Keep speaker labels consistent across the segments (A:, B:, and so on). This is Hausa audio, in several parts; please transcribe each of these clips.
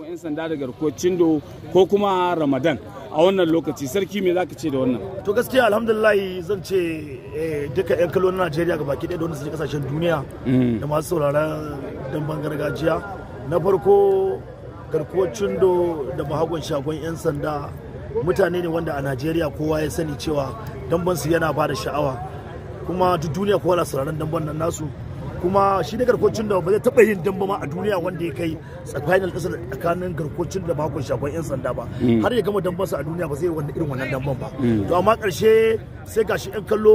A: sabon 'yan sanda da garkuwar cindo ko kuma ramadan a wannan lokaci sarki me ka ce da wannan to gaskiya alhamdulillah zan ce eh, duka yan kallo na Najeriya ga baki ɗaya da wanda suke kasashen duniya mm. da masu sauraron damban gargajiya na farko garkuwar cindo da mahagon shagon 'yan sanda mutane ne wanda a Najeriya kowa ya sani cewa damban su yana ba da sha'awa kuma duk duniya kowa na sauraron damban nan nasu kuma shi ne garkocin da ba zai taɓa yin damba ma a duniya wanda ya kai tsakanin ɗinsa tsakanin garkocin da bakon shafan 'yan sanda ba mm. har ya gama dambansa a duniya ba zai yi irin wannan damban ba mm. to amma ƙarshe sai gashi yan kallo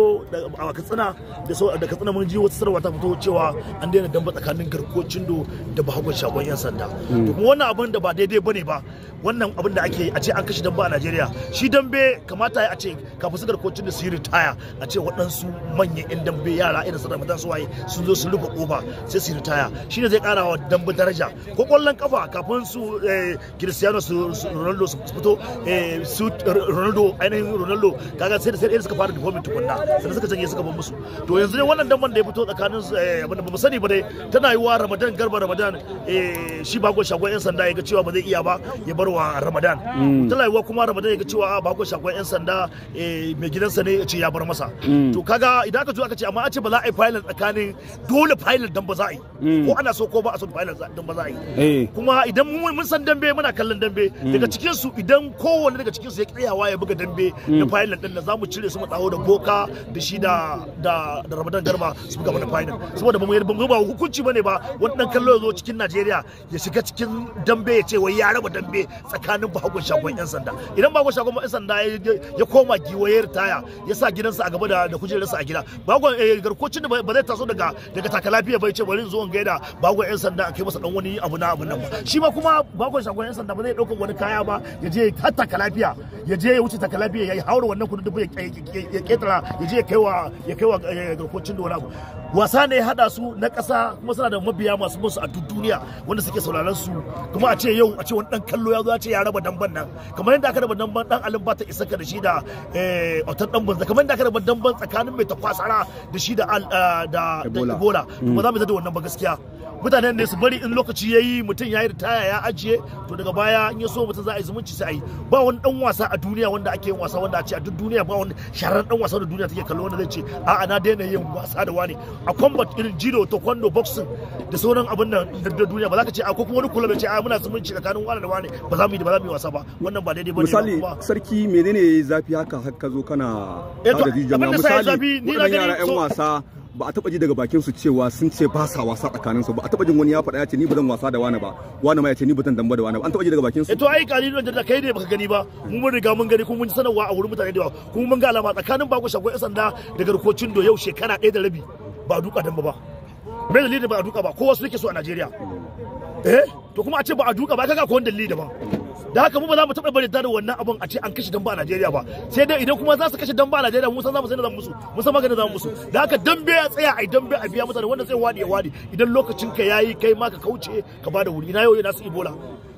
A: a katsina da katsina mun ji wata sarwa ta fito cewa an daina damba tsakanin garkocin do da shagon yan sanda to hmm. kuma wannan abin da ba daidai bane ba wannan abin da ake a ce an kashe damba a Najeriya shi dambe kamata a ce kafin su garkocin da su yi ritaya a ce waɗansu manyan yan dambe yara irin su Ramadan Suwaye sun zo sun rufe kofa sai su ritaya shi ne zai ƙara wa dambe daraja ko kwallon kafa kafin su eh, Cristiano su Ronaldo su fito eh, su Ronaldo ainihin Ronaldo kaga sai da sai fara difomin tukunna sannan suka canje suka bar musu to yanzu ne wannan damban da ya fito tsakanin eh, abin da ba mu sani ba dai tana yi wa ramadan garba ramadan eh, shi bako shagon yan sanda ya ga cewa ba zai iya ba ya bar wa ramadan mm. tana yi wa kuma ramadan ya ga cewa ah, bako shagon yan sanda eh, mai gidansa ne ya ce ya bar masa mm. to kaga idan aka zo aka ce amma a ce ba za a yi final tsakanin dole final dan ba za a yi mm. ko ana so ko ba a so final dan ba za a yi kuma idan mun san dambe muna kallon dambe daga cikin su idan kowanne daga cikin su ya kiyawa ya buga dambe na final din da zamu cire su mu dawo da boka da shi da da ramadan garba su buga mana final saboda ba mu yarda ba hukunci bane ba wani dan kallo ya zo cikin najeriya ya shiga cikin dambe ya ce wai ya raba dambe tsakanin bakon shagon yan sanda idan bakon shagon yan sanda ya koma giwaye ritaya ya sa gidansa a gaba da kujerarsa a gida bakon eh, garkocin da ba zai taso daga daga taka lafiya ya ce bari zo in gaida bakon yan sanda a kai masa dan wani abu na abun nan ba shi ma kuma bakon shagon yan sanda ba zai dauka wani kaya ba ya je har taka lafiya ya je ya wuce taka lafiya ya haura wannan kudin dubu ya ya ketara ya je ya kai wa ya eh, garkocin dora wasa ne ya hada su na ƙasa kuma suna da mabiya masu musu a duk duniya wanda suke sauraron su kuma a ce yau a ce wani dan kallo ya zo ya ce ya raba damban nan kamar yadda aka raba damban dan alin bata isa ka da shi da otan eh, dan banza kamar yadda aka raba damban tsakanin mai kwasara da shi da eh, da ebola kuma za mu mm. da wannan ba gaskiya mutanen ne su bari in lokaci yayi mutum yayi ritaya ya ajiye to daga baya in ya so mutum za a yi zumunci sai a yi ba wani dan wasa a duniya wanda ake yin wasa wanda a ce a duk duniya ba wani sharar dan wasa da duniya take kallo wanda zai ce a'a na daina yin wasa da wani a combat irin judo taekwondo boxing da sauran abin nan da duniya ba za ka ce a ko kuma wani kula da ce a muna zumunci tsakanin wani da wani ba za mu yi ba za mu yi wasa ba wannan ba daidai ba ne misali sarki menene zafi haka har ka zo kana eh, da jijiyar misali wadannan yara yan wasa ba a taba ji daga bakin su cewa sun ce ba sa wasa tsakanin su ba a taba jin wani ya faɗa ya ce ni ba zan wasa da wani ba wani ma ya ce ni ba zan damba da wani ba an taba ji daga bakin su eh, to ai kalilu da kai ne baka gani ba mun mun riga mun gani kuma mun ji sanarwa a wurin mutane da yawa kuma mun ga alama tsakanin bako shago yan sanda da garkocin do yau shekara ɗaya da rabi ba a duka damba ba me dalili ba a duka ba kowa su yake so a Najeriya eh to kuma a ce ba a duka ba kaga ko wani dalili da ba da haka mu ba za mu taɓa bari da wannan abun a ce an kashe damba a Najeriya ba sai dai idan kuma za su kashe damba a Najeriya mu san za mu sai da musu mu san maganin zamu musu da haka dambe ya tsaya ai dambe a biya mutane wanda zai wadi ya wadi idan lokacin ka yayi kai ma ka kauce ka bada wuri na yau na su Ibola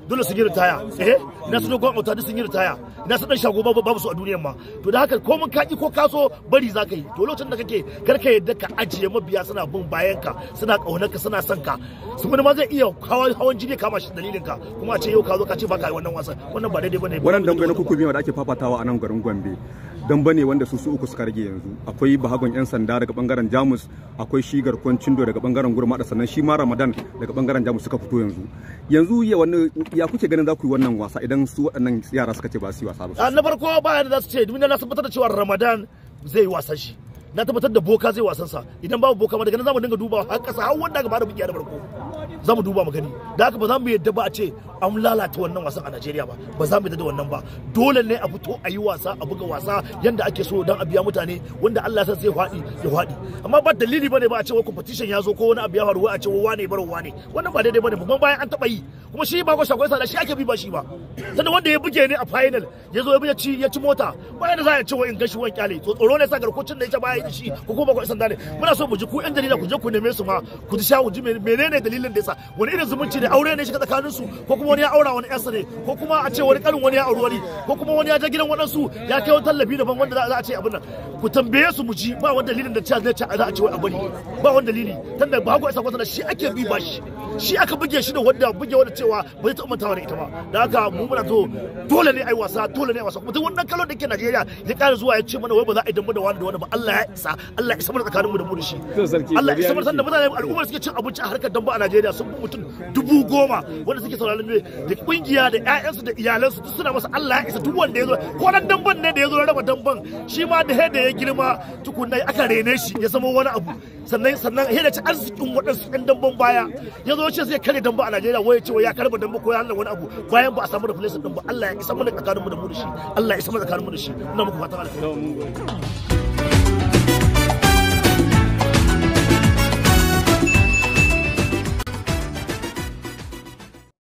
A: dole sun yi ritaya eh na su dogon auta sun yi ritaya na su dan shago babu babu su a duniyar ma to da haka ko mun kaki ko kaso bari zaka yi to lokacin da kake karka yadda ka ajiye mabiya suna bin bayan ka suna kaunar ka suna son ka su wani ma zai iya hawan hawan jini kama shi dalilin ka kuma a ce yau ka zo ka ce baka yi wannan wasan wannan ba daidai bane wannan na kuku biyu da ake fafatawa a nan garin Gombe dan bane wanda su su uku suka rage yanzu akwai bahagon yan sanda daga bangaren jamus akwai shi garkon cindo daga bangaren gurma da sannan shi ma ramadan daga bangaren jamus suka fito yanzu yanzu ya wani ya kuke ganin za ku yi wannan wasa idan su waɗannan yara suka ce ba su yi wasa ba ah, na farko ba yadda za su ce domin na tabbatar da cewa ramadan zai yi wasan shi na tabbatar da boka zai wasan sa idan babu boka ma daga nan za mu dinga dubawa har kasa har wanda gaba da bugiya da farko za mu duba mu gani da haka ba za mu yadda ba a ce an lalata wannan wasan a Najeriya ba ba za mu yadda da wannan ba dole ne a fito a yi wasa a buga wasa yanda ake so dan a biya mutane wanda Allah ya sai faɗi ya faɗi amma ba dalili bane ba a ce wa competition ya zo ko wani abu ya faru a ce wa wane bar wane wannan ba daidai bane ba kuma bayan an taba yi kuma shi ba ko shakwai sada shi ake bi ba shi ba sannan wanda ya buge ne a final ya zo ya ci ya ci mota bayan da za a ce wa in gashi wani kyale to tsoro ne sa garkocin da ya ce baya yi shi ko kuma ba ko isan dane muna so mu ji ku yan dalila ku je ku neme su ma ku ji shawo ji menene dalilin nesa wani irin zumunci ne aure ne shiga tsakanin su ko kuma wani ya aura wani yasa ne ko kuma a ce wani karin wani ya auri wani ko kuma wani ya je gidan waɗansu ya kai wani tallafi daban wanda za a ce abin nan ku tambaye su mu ji ba wani dalilin da cewa zai ce za a ce wai a bari ba wani dalili tunda ba ku isa kwatana shi ake bi ba shi shi aka buge shi da wanda buge wanda cewa ba zai taɓa mantawa da ita ba da haka mu muna so dole ne ai wasa dole ne ai wasa kuma wannan kalon da ke Najeriya ya ƙara zuwa ya ce mana wai ba za a yi damu da wani da wani ba Allah ya isa Allah ya isa mana tsakanin mu da mu da shi Allah ya isa mana sanda mutane al'ummar suke cin abinci a harkar damba a Najeriya sun mutum dubu goma wanda suke sauraron ne da kungiya da ƴaƴansu da iyalansu duk suna masa Allah ya isa duk wanda ya zo ko dan damban ne da ya zo raba damban shi ma da hede ya girma tukunna aka rene shi ya zama wani abu sannan sannan hira ci arzikin waɗansu ɗan damban baya ya zo shi zai kare damba a Najeriya waya cewa ya karba damba ko ya hana wani abu bayan ba a samu reflection din Allah ya isa mana mu da mu da shi Allah ya isa mana mu da shi ina muku fata alheri